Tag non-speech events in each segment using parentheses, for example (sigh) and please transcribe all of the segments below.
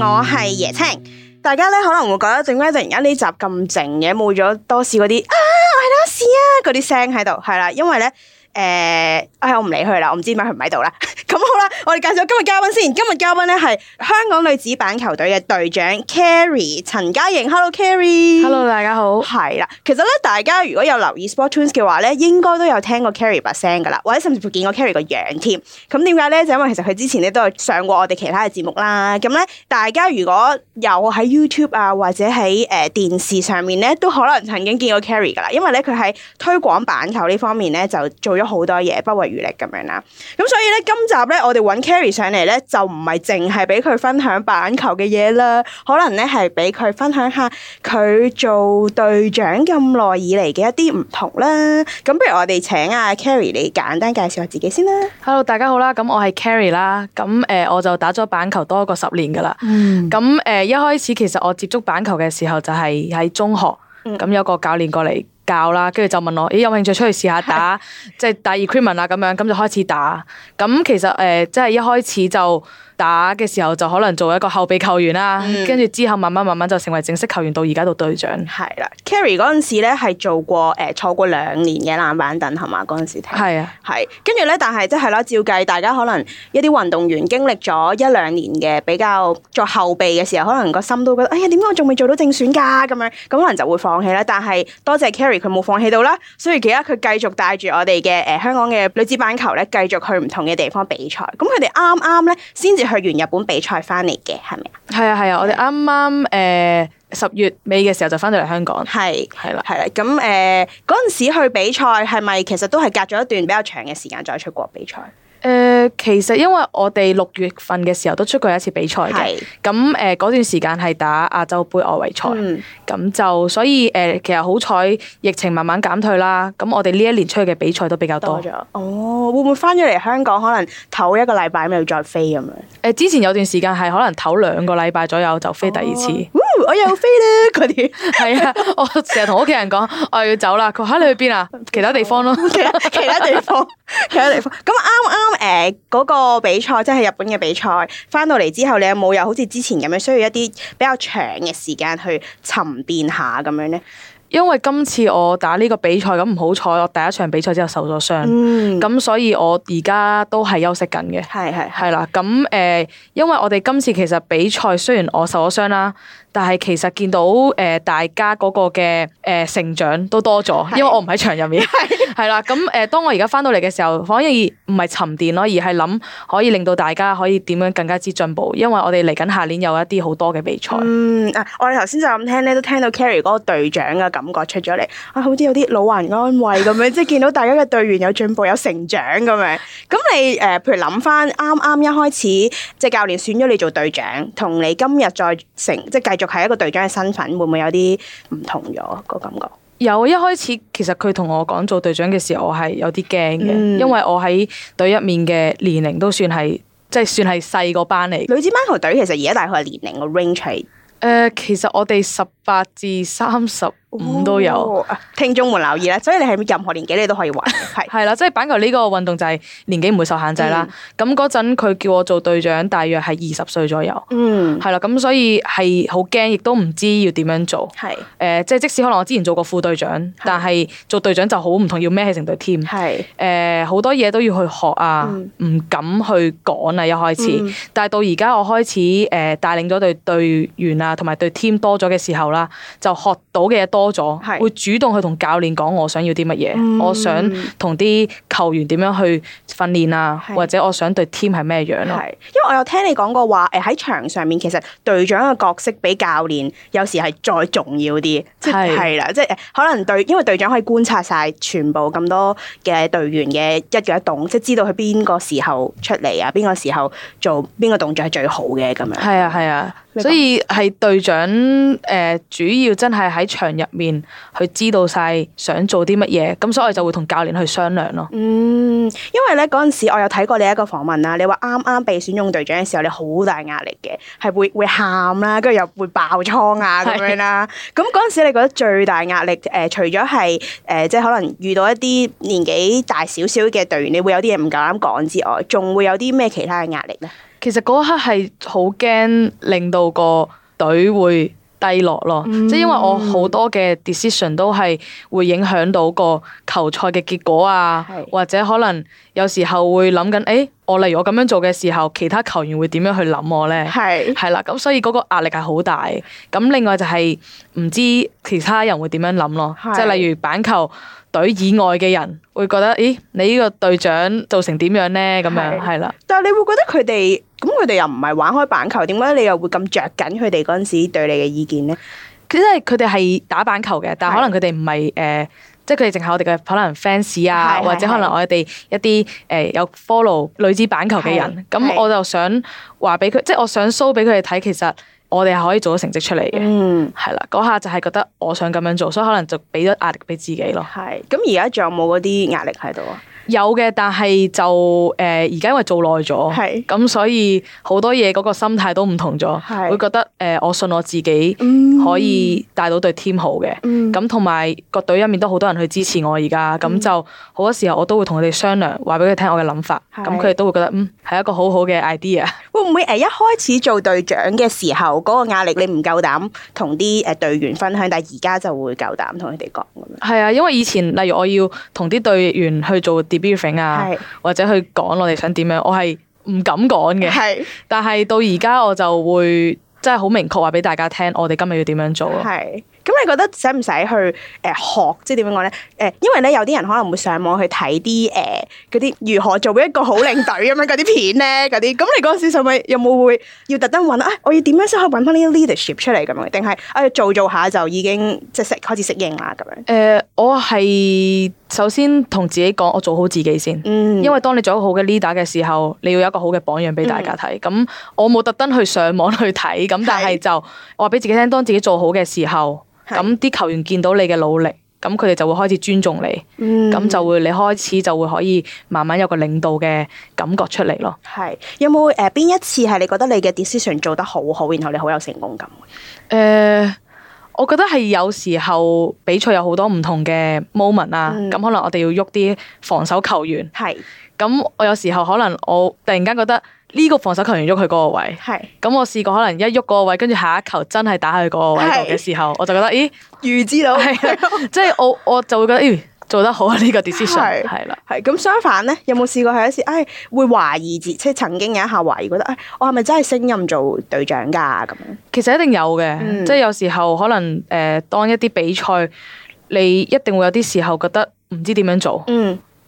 我係椰青，大家咧可能會覺得，點解突然間呢集咁靜嘅，冇咗多士嗰啲啊，我係多士啊嗰啲聲喺度，係啦，因為咧。誒、嗯，我唔理佢啦，我唔知點解佢唔喺度啦。咁、 (laughs) 嗯、好啦，我哋介紹今日嘉賓先。今日嘉賓咧係香港女子板球隊嘅隊長 Kary 陳嘉瑩。Hello，Kary。Hello，大家好。係啦，其實咧，大家如果有留意 Sportunes 嘅話咧，應該都有聽過 Kary 把聲噶啦，或者甚至乎見過 Kary 個樣添。咁點解咧？就因為其實佢之前咧都有上過我哋其他嘅節目啦。咁咧，大家如果有喺 YouTube 啊或者喺誒電視上面咧，都可能曾經見過 Kary 噶啦。因為咧，佢喺推廣板球呢方面咧就做好多嘢，不遺餘力咁樣啦，咁所以咧今集咧我哋揾 Kary 上嚟咧就唔係淨係俾佢分享板球嘅嘢啦，可能咧係俾佢分享下佢做隊長咁耐以嚟嘅一啲唔同啦。咁不如我哋請阿 Kary 你簡單介紹下自己先啦。Hello，大家好啦，咁我係 Kary 啦，咁誒我就打咗板球多過十年噶啦。嗯。咁誒一開始其實我接觸板球嘅時候就係喺中學，咁有個教練過嚟。教啦，跟住就問我，咦，有興趣出去試下打？即係 (laughs) 打 equipment 啊咁樣，咁就開始打。咁其實誒、呃，即係一開始就。打嘅時候就可能做一個後備球員啦，跟住、嗯、之後慢慢慢慢就成為正式球員，到而家做隊長。係啦 Kary 嗰時咧係做過誒、呃、坐過兩年嘅冷板凳係嘛？嗰陣時停係啊，係跟住咧，但係即係啦，照計大家可能一啲運動員經歷咗一兩年嘅比較做後備嘅時候，可能個心都覺得哎呀，點解我仲未做到正選㗎？咁樣咁可能就會放棄啦。但係多謝 Kary 佢冇放棄到啦，所以而家佢繼續帶住我哋嘅誒香港嘅女子板球咧，繼續去唔同嘅地方比賽。咁佢哋啱啱咧先至。去完日本比賽翻嚟嘅，係咪啊？係啊係啊，我哋啱啱誒十月尾嘅時候就翻到嚟香港。係係啦，係啦對了。咁誒嗰陣時去比賽係咪其實都係隔咗一段比較長嘅時間再出國比賽？其實因為我哋六月份嘅時候都出過一次比賽嘅，咁誒嗰段時間係打亞洲盃外圍賽，咁就所以誒其實好彩疫情慢慢減退啦，咁我哋呢一年出去嘅比賽都比較多咗。哦，會唔會翻咗嚟香港可能唞一個禮拜咪再飛咁樣？誒，之前有段時間係可能唞兩個禮拜左右就飛第二次。我又飛啦嗰啲。係啊，我成日同屋企人講我要走啦。佢話你去邊啊？其他地方咯，其他其他地方，其他地方。咁啱啱誒。嗰個比賽即係日本嘅比賽，返到嚟之後，你有冇又好似之前咁樣需要一啲比較長嘅時間去沉澱下咁樣呢？因為今次我打呢個比賽咁唔好彩，我第一場比賽之後受咗傷，咁、嗯、所以我而家都係休息緊嘅。係係係啦，咁誒的的、嗯，因為我哋今次其實比賽雖然我受咗傷啦，但係其實見到誒大家嗰個嘅誒成長都多咗，的因為我唔喺場入面，係啦是的，咁 (laughs) 誒，當我而家翻到嚟嘅時候，反而唔係沉澱咯，而係諗可以令到大家可以點樣更加之進步，因為我哋嚟緊下年有一啲好多嘅比賽。嗯，啊，我哋頭先就咁聽咧，都聽到 Kary 嗰個隊長感覺出咗嚟啊，好似有啲老懷安慰咁樣，即係見到大家嘅隊員有進步、有成長咁樣。咁你誒、呃，譬如諗翻啱啱一開始即係教練選咗你做隊長，同你今日再成即係繼續係一個隊長嘅身份，會唔會有啲唔同咗個感覺？有，一開始其實佢同我講做隊長嘅時候，我係有啲驚嘅，嗯、因為我喺隊入面嘅年齡都算係即係算係細個班嚟。女子板球隊其實而家大概係年齡個 range 係誒，其實我哋十八至三十。咁都有，聽眾們留意啦。所以你係任何年紀，你都可以玩，係。係啦， (laughs) 即係板球呢個運動就係年紀唔會受限制啦。咁嗰陣佢叫我做隊長，大約係二十歲左右。嗯。係啦，咁所以係好驚，亦都唔知要點樣做。係是。誒、呃，即係即使可能我之前做過副隊長，是但係做隊長就好唔同，要孭起成隊 team。係是。誒、呃，好多嘢都要去學啊，唔敢去講啊，一開始。嗯。但係到而家我開始誒帶領咗隊隊員啊，同埋隊 team 多咗嘅時候啦，就學到嘅嘢多。多咗，會主動去同教練講我想要啲乜嘢，嗯、我想同啲球員點樣去訓練啊，係，或者我想對 team 係咩樣咯。因為我有聽你講過話，誒喺場上面其實隊長嘅角色比教練有時係再重要啲，係係啦，即係可能隊因為隊長可以觀察晒全部咁多嘅隊員嘅一舉一動，即係知道佢邊個時候出嚟，啊邊個時候做邊個動作係最好嘅咁樣。係啊，係啊。所以係隊長誒、呃，主要真係喺場入面去知道晒想做啲乜嘢，咁所以我就會同教練去商量咯。嗯，因為咧嗰陣時我有睇過你一個訪問啦，你話啱啱被選中隊長嘅時候，你好大壓力嘅，係會會喊啦，跟住又會爆瘡啊咁是樣啦。咁嗰陣時你覺得最大壓力誒、呃，除咗係誒，即係可能遇到一啲年紀大少少嘅隊員，你會有啲嘢唔夠膽講之外，仲會有啲咩其他嘅壓力咧？其實嗰刻係好驚令到個隊會低落咯，嗯、即係因為我好多嘅 decision 都係會影響到個球賽嘅結果啊，是或者可能有時候會諗緊，誒、欸、我例如我咁樣做嘅時候，其他球員會點樣去諗我呢？係是啦，咁所以嗰個壓力係好大。咁另外就係唔知其他人會點樣諗咯，是即係例如板球隊以外嘅人會覺得，咦，你呢個隊長做成點樣呢？的」咁樣係啦。但係你會覺得佢哋，咁佢哋又唔係玩開板球，點解你又會咁着緊佢哋嗰陣時對你嘅意見呢？其實佢哋係打板球嘅，但係可能佢哋唔係，誒，即係佢哋淨係我哋嘅可能 fans 啊，的或者可能我哋一啲誒、呃、有 follow 女子板球嘅人。咁的我就想話俾佢，的即係我想 show 俾佢哋睇，其實。我哋係可以做到成績出嚟嘅，係啦、嗯。嗰下就係覺得我想咁樣做，所以可能就畀咗壓力畀自己咯。係，咁而家仲有冇嗰啲壓力喺度啊？有嘅，但係就誒而家因為做耐咗，係咁所以好多嘢嗰個心態都唔同咗，係是會覺得誒、呃、我信我自己可以帶到隊 team 好嘅，咁同埋個隊入面都好多人去支持我而家，咁就好多時候我都會同佢哋商量，話俾佢聽我嘅諗法，咁佢哋都會覺得嗯係一個好好嘅 idea。會唔會誒一開始做隊長嘅時候嗰個壓力你唔夠膽同啲誒隊員分享，但係而家就會夠膽同佢哋講，係啊，因為以前例如我要同啲隊員去做。啊，或者去講我哋想點樣，我係唔敢講嘅。係是，但係到而家我就會真係好明確話俾大家聽，我哋今日要點樣做。係，咁你覺得使唔使去誒、呃、學，即係點樣講咧？誒、呃，因為咧有啲人可能會上網去睇啲誒嗰啲如何做一個好領隊咁樣嗰啲 (laughs) 片咧，啲。咁你嗰時係咪有冇會要特登揾啊？我要點樣先可以揾翻呢啲 leadership 出嚟咁樣？定係誒做做下就已經即係識開始適應啦咁樣？誒、呃，我係。首先同自己講，我做好自己先。嗯，因為當你做好嘅 leader 嘅時候，你要有一個好嘅榜樣俾大家睇。咁、嗯、我冇特登去上網去睇，咁是但係就話俾自己聽，當自己做好嘅時候，咁啲是球員見到你嘅努力，咁佢哋就會開始尊重你。嗯，咁就會你開始就會可以慢慢有個領導嘅感覺出嚟咯。係，有冇誒邊一次係你覺得你嘅 decision 做得好好，然後你好有成功感？誒、呃。我覺得係有時候比賽有好多唔同嘅 moment 啊，咁、嗯、可能我哋要喐啲防守球員。係是，咁我有時候可能我突然間覺得呢個防守球員喐佢嗰個位。係是，咁我試過可能一喐嗰個位，跟住下一球真係打喺佢嗰個位嘅時候，是我就覺得咦，預知到，即係我我就會覺得咦。做得好啊！呢、這個 decision 係啦是，係咁了相反呢，有冇試過係一次？哎，會懷疑自己，即係曾經有一下懷疑，覺得哎，我係咪真係升任做隊長噶咁樣？其實一定有嘅，嗯、即係有時候可能誒、呃，當一啲比賽，你一定會有啲時候覺得唔知點樣做，亦、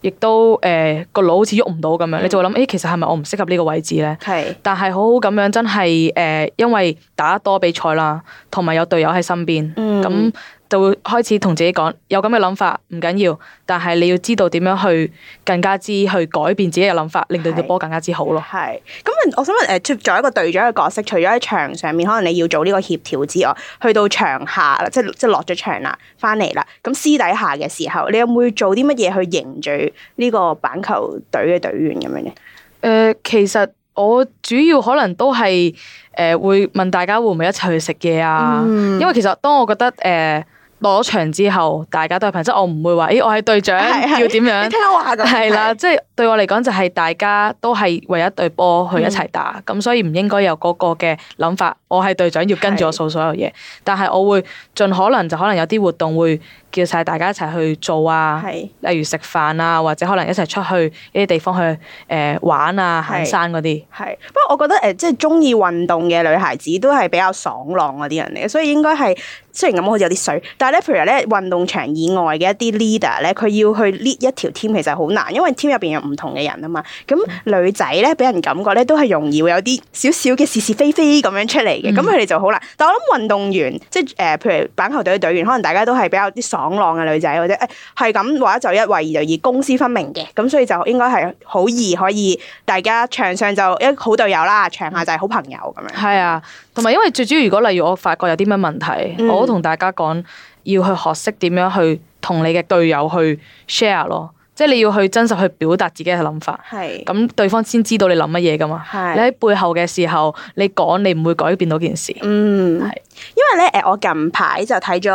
嗯、都誒個、呃、腦好似喐唔到咁樣，你就會諗，哎、嗯，其實係咪我唔適合呢個位置呢？係是，但係好好咁樣，真係誒，因為打得多比賽啦，同埋有，有隊友喺身邊，咁、嗯。就會開始同自己講，有咁嘅諗法唔緊要，但係你要知道點樣去更加之去改變自己嘅諗法，令到隻波更加之好咯。係咁，我想問誒，除、呃、咗一個隊長嘅角色，除咗喺場上面可能你要做呢個協調之外，去到場下即即落咗場啦，翻嚟啦，咁私底下嘅時候，你有冇做啲乜嘢去凝聚呢個板球隊嘅隊員咁樣咧？誒、呃，其實我主要可能都係誒、呃、會問大家會唔會一齊去食嘢啊？嗯、因為其實當我覺得誒。呃攞場之後，大家都係平，即係我唔會話，誒、欸，我係隊長的要點樣？聽我話 (laughs) 的的就係啦，即係對我嚟講就係，大家都係為一隊波去一齊打，咁、嗯、所以唔應該有嗰個嘅諗法，我係隊長要跟住我做所有嘢，的但係我會盡可能就可能有啲活動會。叫晒大家一齊去做啊，例如食飯啊，或者可能一齊出去一啲地方去誒、呃、玩啊、行山嗰啲。係，不過我覺得誒、呃，即係中意運動嘅女孩子都係比較爽朗嗰啲人嚟，所以應該係雖然咁好似有啲水，但係咧譬如咧運動場以外嘅一啲 leader 咧，佢要去 lead 一條 team 其實好難，因為 team 入邊有唔同嘅人啊嘛。咁女仔咧俾人感覺咧都係容易會有啲少少嘅是是非非咁樣出嚟嘅，咁佢哋就好難。但我諗運動員即係誒、呃、譬如板球隊嘅隊員，可能大家都係比較啲爽朗朗嘅女仔或者誒係咁話就一為二就二公私分明嘅咁所以就應該係好易可以大家場上就一好隊友啦，場下就係好朋友咁樣。係啊、嗯，同埋因為最主要如果例如我發覺有啲咩問題，我都同大家講要去學識點樣去同你嘅隊友去 share 咯。即係你要去真實去表達自己嘅諗法，係是，咁對方先知道你諗乜嘢噶嘛。是你喺背後嘅時候，你講你唔會改變到件事。嗯，係是，因為咧，誒我近排就睇咗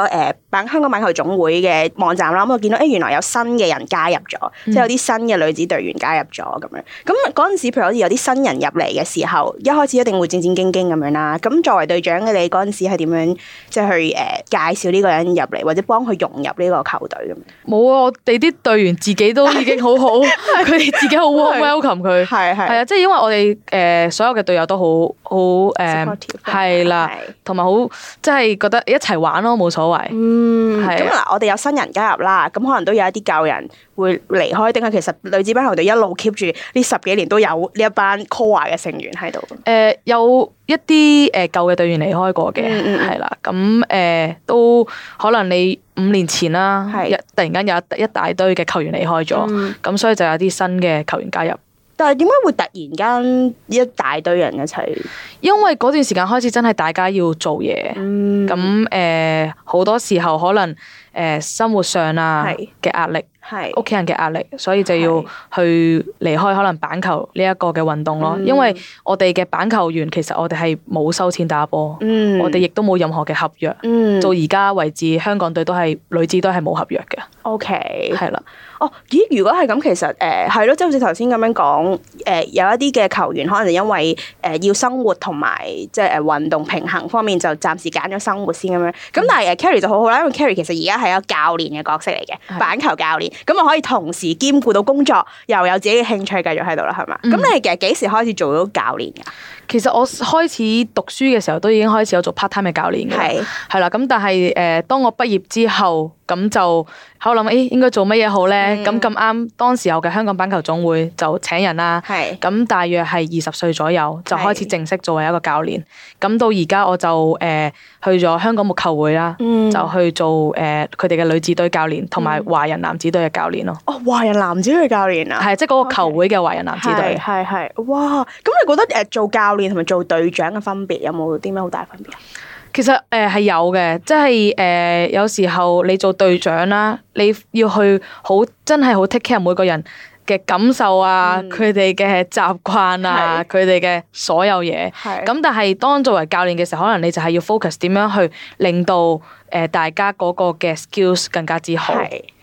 誒香港板球總會嘅網站啦，咁我見到誒原來有新嘅人加入咗，嗯、即係有啲新嘅女子隊員加入咗咁樣，咁嗰陣時，譬如好似有啲新人入嚟嘅時候，一開始一定會戰戰兢兢咁樣啦。咁作為隊長嘅你，嗰陣時係點樣即係去誒介紹呢個人入嚟，或者幫佢融入呢個球隊咁？冇啊，我哋啲隊員自己。你都已經好好，佢哋 (laughs) 自己好 welcome 佢，係係，係啊，即係因為我哋誒、呃、所有嘅隊友都好好誒，係啦，同埋好即係覺得一齊玩咯，冇所謂。嗯，咁嗱對，嗯、我哋有新人加入啦，咁可能都有一啲舊人會離開，定係其實女子板球隊一路 keep 住呢十幾年都有呢一班 core 嘅成員喺度。誒、呃，有。一啲誒舊嘅隊員離開過嘅，係啦、嗯，咁誒、呃、都可能你五年前啦，係是突然間有一大堆嘅球員離開咗，咁、嗯、所以就有啲新嘅球員加入。但係點解會突然間一大堆人一齊？因為嗰段時間開始真係大家要做嘢，咁誒好多時候可能誒、呃、生活上啊嘅壓力。屋企是人嘅壓力，所以就要去離開可能板球呢一個嘅運動咯。嗯、因為我哋嘅板球員其實我哋係冇收錢打波，嗯、我哋亦都冇任何嘅合約。到而家為止，香港隊都係女子都係冇合約嘅。O K，係啦。哦，咦？如果係咁，其實誒係咯，即係好似頭先咁樣講，誒、呃、有一啲嘅球員可能係因為誒、呃、要生活同埋即係誒運動平衡方面就暫時揀咗生活先咁樣。咁但係誒 Kary 就好好啦，因為 Kary 其實而家係一個教練嘅角色嚟嘅板球教練。咁我可以同時兼顧到工作，又有自己嘅興趣繼續喺度啦，係嘛？咁，嗯，你其實幾時開始做到教練噶？其實我開始讀書嘅時候都已經開始有做 part time 嘅教練嘅，係啦咁，但係誒當我畢業之後，咁就喺度諗誒應該做乜嘢好咧？咁咁啱，當時候嘅香港板球總會就請人啦，咁負負 ân 大約係二十歲左右就開始正式作為一個教練。咁負責備到而家我就誒去咗香港木球會啦，就去做誒佢哋嘅女子隊教練同埋華人男子隊嘅教練咯。哦，華人男子隊教練啊，係 負責 weight、okay. 即係嗰個球會嘅華人男子隊，係係哇！咁你覺得誒、呃、做教練？同埋做隊長嘅分別有冇啲咩好大分別啊？其實誒係、呃、有嘅，即係誒、呃、有時候你做隊長啦，你要去好真係好 take care 每個人嘅感受啊，佢哋嘅習慣啊，佢哋嘅所有嘢。咁是但係當作為教練嘅時候，可能你就係要 focus 點樣去令到。誒，大家嗰個嘅 skills 更加之好，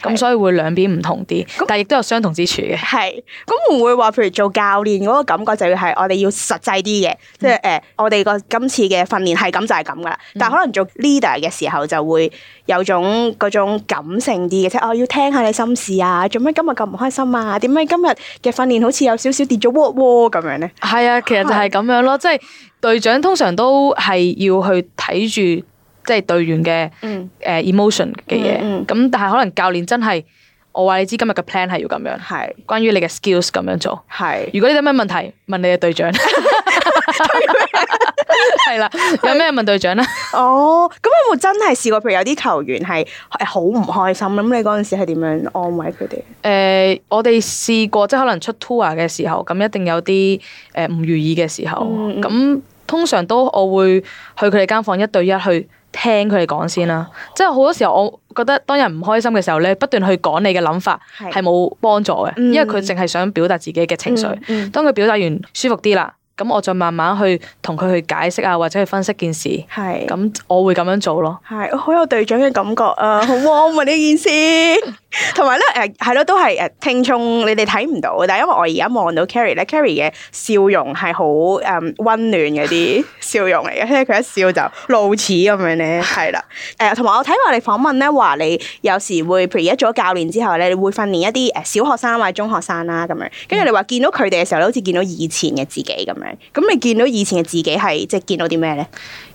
咁所以會兩邊唔同啲，那但係亦都有相同之處嘅。係，咁唔會話譬如做教練嗰個感覺就要係我哋要實際啲嘅，嗯、即係誒、呃，我哋個今次嘅訓練係咁就係咁噶㗎啦。但係可能做 leader 嘅時候就會有種嗰、嗯、種感性啲嘅，即係我、哦、要聽下你心事啊，做咩今日咁唔開心啊？點解今日嘅訓練好似有少少跌咗鍋鍋咁樣咧？係啊，其實就係咁樣咯，即係是隊長通常都係要去睇住。即係隊員嘅誒、mm. 呃、emotion 嘅嘢，咁、mm. 但係可能教練真係我話你知今日嘅 plan 係要咁樣，係是關於你嘅 skills 咁樣做，係是。如果你有咩問題，問你嘅隊長，係啦，有咩問，問隊長咧？哦，咁有冇真係試過譬如有啲球員係好唔開心咁？那你嗰陣時係點樣安慰佢哋？誒、呃，我哋試過即係可能出 tour 嘅時候，咁一定有啲誒唔如意嘅時候，咁、mm. 嗯、通常都我會去佢哋間房一對一去。聽佢哋講先啦，即係好多時候，我覺得當人唔開心嘅時候咧，不斷去講你嘅諗法係冇幫助嘅，因為佢淨係想表達自己嘅情緒。當佢表達完，舒服啲啦。咁我再慢慢去同佢去解釋啊，或者去分析件事。係是。咁我會咁樣做咯。係，好有隊長嘅感覺啊！好 warm 啊呢件事？同埋咧，誒係咯，都係誒聽眾你哋睇唔到，但係因為我而家望到 Carrie 咧，Carrie 嘅笑容係好誒溫暖嗰啲笑容嚟嘅，因為佢一笑就露齒咁樣咧。係啦，誒同埋我睇過你訪問咧，話你有時會 pre 咗做教練之後咧，你會訓練一啲誒小學生或者中學生啦咁樣。跟住你話見到佢哋嘅時候，你好似見到以前嘅自己咁樣。咁你見到以前嘅自己係即係見到啲咩呢？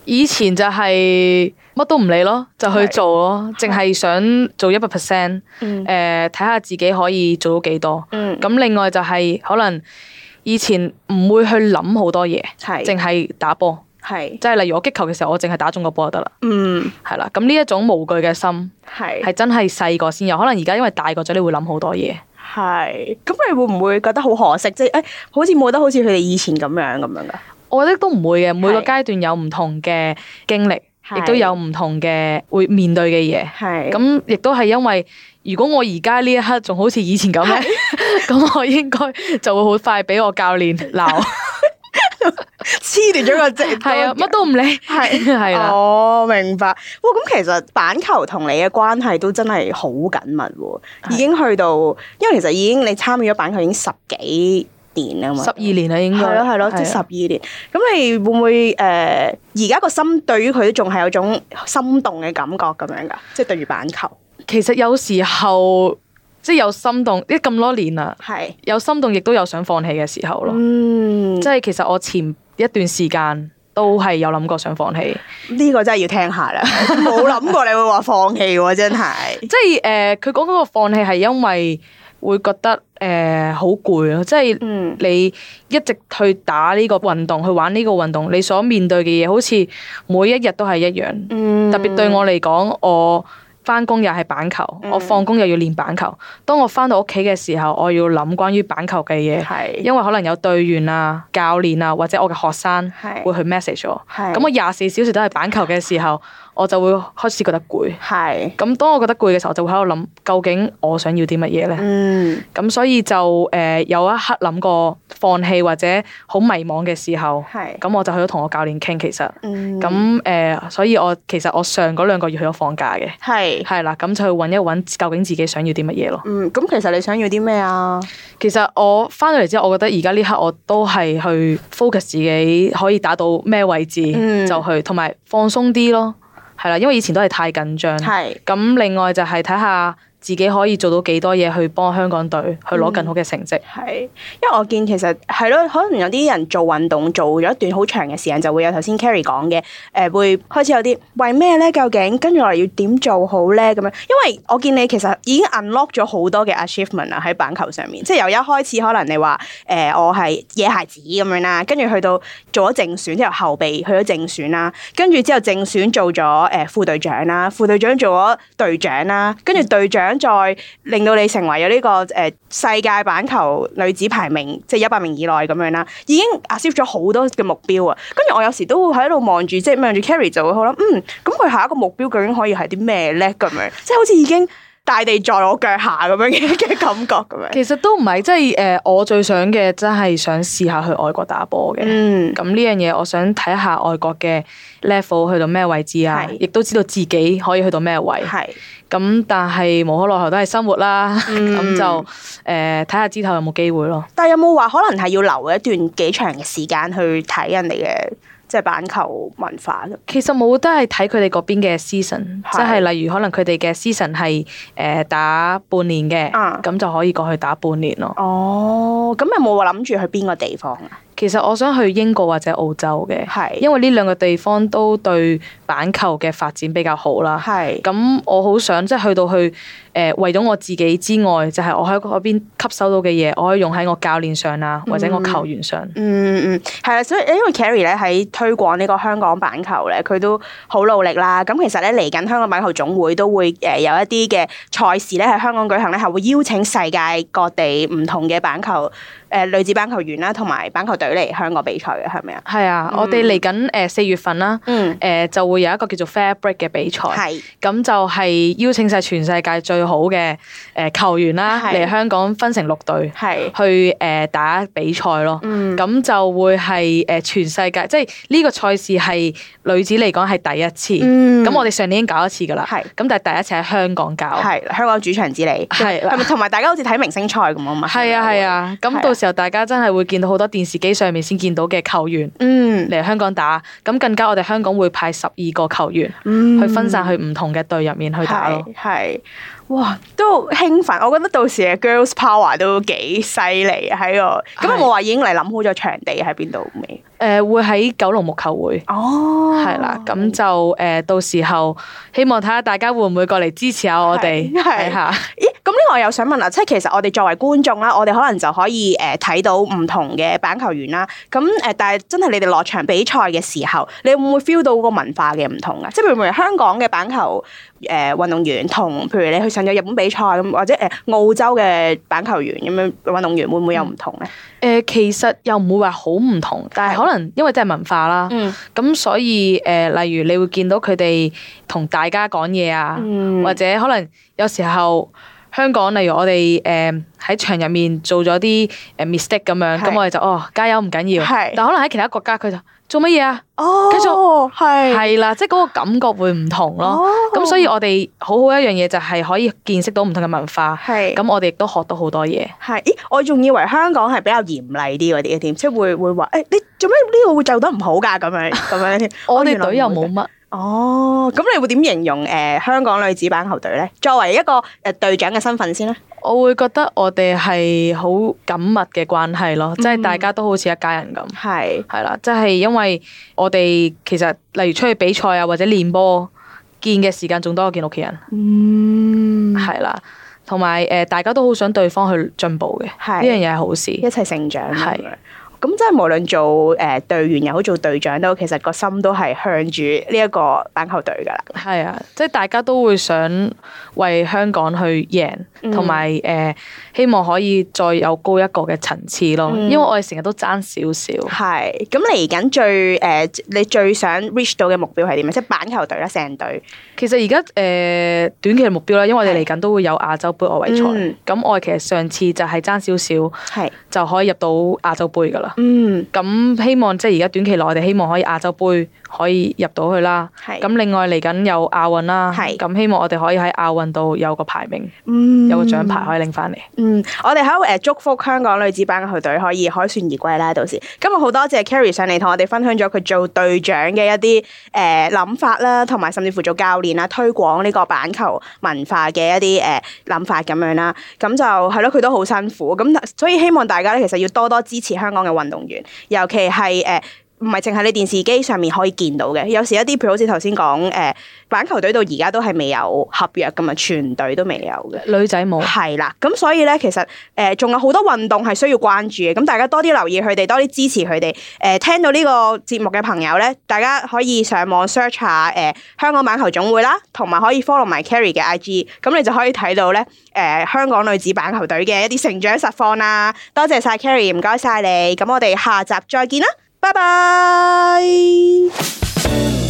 以前就係乜都唔理咯，就去做咯，淨係的想做一百 percent，誒睇下自己可以做到幾多。咁、嗯、另外就係可能以前唔會去諗好多嘢，係淨係打波，係是的 即係例如我擊球嘅時候，我淨係打中個波就得啦。嗯，係啦。咁呢一種無懼嘅心，係係真係細個先有，可能而家因為大個咗，你會諗好多嘢。係，咁你會唔會覺得好可惜？即係誒、哎，好似冇得好似佢哋以前咁樣咁樣噶？我覺得都唔會嘅，每個階段有唔同嘅經歷，是亦都有唔同嘅會面對嘅嘢。係是，咁亦都係因為，如果我而家呢一刻仲好似以前咁，咁，是 (laughs) (laughs) 我應該就會好快俾我教練鬧。 (laughs) (laughs) 黐斷咗個制，係啊，乜都唔理，係係啦，我、 (laughs) 啊哦、明白。哇、哦，咁其實板球同你嘅關係都真係好緊密，是啊、已經去到，因為其實已經你參與咗板球已經十幾年，年啊嘛，十二年啦，應該係咯係咯，即係十二年。咁是、啊、你會唔會誒，而家個心對於佢都仲係有種心動嘅感覺咁樣㗎？即、就、係、是、對於板球，其實有時候。即係有心動，啲咁多年啦，是有心動，亦都有想放棄嘅時候咯。嗯，即係其實我前一段時間都係有諗過想放棄，呢個真係要聽下啦。冇諗 (laughs) 過你會話放棄喎，真係。即係誒，佢講嗰個放棄係因為會覺得誒好攰咯。即係你一直去打呢個運動，去玩呢個運動，你所面對嘅嘢好似每一日都係一樣。嗯，特別對我嚟講，我。翻工又係板球，嗯、我放工又要練板球。當我翻到屋企嘅時候，我要諗關於板球嘅嘢，是因為可能有隊員啊、教練啊或者我嘅學生會去 message 我。咁是我廿四小時都係板球嘅時候，我就會開始覺得攰。咁是當我覺得攰嘅時候，就會喺度諗究竟我想要啲乜嘢呢？嗯，咁所以就誒有一刻諗過。放棄或者好迷茫嘅時候，咁是我就去咗同我教練傾。其實，咁誒、嗯呃，所以我其實我上嗰兩個月去咗放假嘅，係啦是，咁就去揾一揾究竟自己想要啲乜嘢咯。嗯，咁其實你想要啲咩啊？其實我翻到嚟之後，我覺得而家呢刻我都係去 focus 自己可以打到咩位置、嗯、就去，同埋放鬆啲咯。係啦，因為以前都係太緊張。係咁是，另外就係睇下。自己可以做到幾多嘢去幫香港隊去攞更好嘅成績，係、嗯、因為我見其實係咯，可能有啲人做運動做咗一段好長嘅時間就會有頭先 Kary 講嘅，誒、呃、會開始有啲為咩咧？究竟跟住落嚟要點做好咧？咁樣，因為我見你其實已經 unlock 咗好多嘅 achievement 啊，喺板球上面，即係由一開始可能你話誒、呃、我係野孩子咁樣啦，跟住去到做咗正選之後後備去咗正選啦，跟住之後正選做咗誒副隊長啦，副隊長做咗隊長啦，跟住隊長。再令到你成為咗呢、這個誒、呃、世界板球女子排名即係一百名以內咁樣啦，已經 achieve 咗好多嘅目標啊！跟住我有時都會喺度望住，即係望住 Carrie 就會好啦，嗯，咁佢下一個目標究竟可以係啲咩咧？咁樣，即係好似已經。大地在我腳下咁樣嘅嘅感覺咁樣，其實都唔係，即係誒，我最想嘅真係想試下去外國打波嘅。嗯，咁呢樣嘢，我想睇下外國嘅 level 去到咩位置啊，是亦都知道自己可以去到咩位。係咁是、嗯，但係無可奈何都係生活啦。咁、嗯、 (laughs) 就誒，睇、呃、下之後有冇機會咯。但係有冇話可能係要留一段幾長嘅時間去睇人哋嘅？即係板球文化咯，其實冇都係睇佢哋嗰邊嘅 season，是即係例如可能佢哋嘅 season 係誒打半年嘅，咁、嗯、就可以過去打半年咯。哦，咁有冇話諗住去邊個地方啊？其實我想去英國或者澳洲嘅，是因為呢兩個地方都對板球嘅發展比較好啦。咁是我好想即係、就是、去到去誒、呃，為咗我自己之外，就係、是、我喺嗰邊吸收到嘅嘢，我可以用喺我教練上啦，或者我球員上。嗯嗯嗯，係、嗯、啊、嗯，所以因為 Kary 咧喺推廣呢個香港板球咧，佢都好努力啦。咁其實咧嚟緊香港板球總會都會誒有一啲嘅賽事咧喺香港舉行咧，係會邀請世界各地唔同嘅板球，誒女子板球員啦，同埋板球隊嚟香港比賽嘅係咪啊？係啊，我哋嚟緊誒四月份啦，誒就會有一個叫做 Fair Break 嘅比賽，咁就係邀請晒全世界最好嘅誒球員啦嚟香港，分成六隊去誒打比賽咯。咁就會係誒全世界，即係呢個賽事係女子嚟講係第一次。咁我哋上年已經搞一次㗎啦，咁但係第一次喺香港搞，係香港主場之利，係同埋大家好似睇明星賽咁啊嘛？係啊係啊，咁到就大家真係會見到好多電視機上面先見到嘅球員嚟香港打，咁、嗯、更加我哋香港會派十二個球員去分散去唔同嘅隊入面去打咯。哇，都興奮！我覺得到時 Girls Power 都幾犀利喺度。咁啊！是我話已經嚟諗好咗場地喺邊度未？誒、呃，會喺九龍木球會。哦，係啦，咁就誒、呃，到時候希望睇下大家會唔會過嚟支持下我哋睇一下。咦，咁呢個我又想問啦，即係其實我哋作為觀眾啦，我哋可能就可以誒睇到唔同嘅板球員啦。咁誒，但係真係你哋落場比賽嘅時候，你會唔會 feel 到個文化嘅唔同啊？即係譬如，香港嘅板球。誒運動員同，譬如你去上咗日本比賽咁，或者誒澳洲嘅板球員咁樣，運動員會唔會有唔同咧？誒其實又唔會話好唔同，但係是可能因為真係文化啦，咁、嗯、所以誒、呃，例如你會見到佢哋同大家講嘢啊，嗯、或者可能有時候。香港例如我哋誒喺場入面做咗啲誒 mistake 咁樣，咁我哋就哦加油唔緊要，但可能喺其他國家佢就做乜嘢啊？哦，繼續？係係啦，即係嗰個感覺會唔同咯。咁所以我哋好好一樣嘢就係可以見識到唔同嘅文化。係咁，我哋亦都學到好多嘢。係，咦？我仲以為香港係比較嚴厲啲嗰啲嘅添，即係會會話誒，你做咩呢個會做得唔好㗎？咁樣咁樣添，我哋隊又冇乜。哦，咁、oh, 你會點形容誒、呃、香港女子板球隊呢？作為一個誒隊、呃、長嘅身份先咧，我會覺得我哋係好緊密嘅關係咯，mm hmm. 即係大家都好似一家人咁。係係是啦，即係因為我哋其實例如出去比賽啊，或者練波，見嘅時間仲多過見屋企人。嗯、mm，係、hmm. 啦，同埋誒大家都好想對方去進步嘅，呢樣嘢係好事，一齊成長係。咁即係無論做誒隊員又好，做隊長都，其實個心都係向住呢一個板球隊噶啦。係啊，即係大家都會想為香港去贏，同埋誒希望可以再有高一個嘅層次咯。因為我哋成日都爭少少。係。咁嚟緊最誒，你最想 reach 到嘅目標係點啊？即係板球隊啦，成隊。其實而家誒短期嘅目標啦，因為我哋嚟緊都會有亞洲盃外圍賽。咁我哋其實上次就係爭少少，係就可以入到亞洲盃噶啦。嗯，咁、嗯、希望即係而家短期內我哋希望可以亞洲盃可以入到去啦。係是。咁另外嚟緊有亞運啦。係是。咁希望我哋可以喺亞運度有個排名，嗯，有個獎牌可以拎翻嚟。嗯，我哋喺度誒祝福香港女子板球隊可以凱旋而歸啦，到時今日好多謝 Kary 上嚟，同我哋分享咗佢做隊長嘅一啲誒諗法啦，同埋甚至乎做教練啊推廣呢個板球文化嘅一啲誒諗法咁樣啦。咁就係咯，佢都好辛苦。咁所以希望大家咧，其實要多多支持香港嘅運運動員，尤其係呢。唔係淨係你電視機上面可以見到嘅，有時一啲，譬如好似頭先講誒板球隊到而家都係未有合約㗎嘛，全隊都未有嘅女仔冇係啦。咁所以咧，其實誒仲、呃、有好多運動係需要關注嘅，咁大家多啲留意佢哋，多啲支持佢哋。誒、呃、聽到呢個節目嘅朋友咧，大家可以上網 search 下誒、呃、香港板球總會啦，同埋可以 follow 埋 Kary 嘅 I G，咁你就可以睇到咧誒、呃、香港女子板球隊嘅一啲成長實況啦。多謝晒 Kary，唔該晒你。咁我哋下集再見啦。拜拜。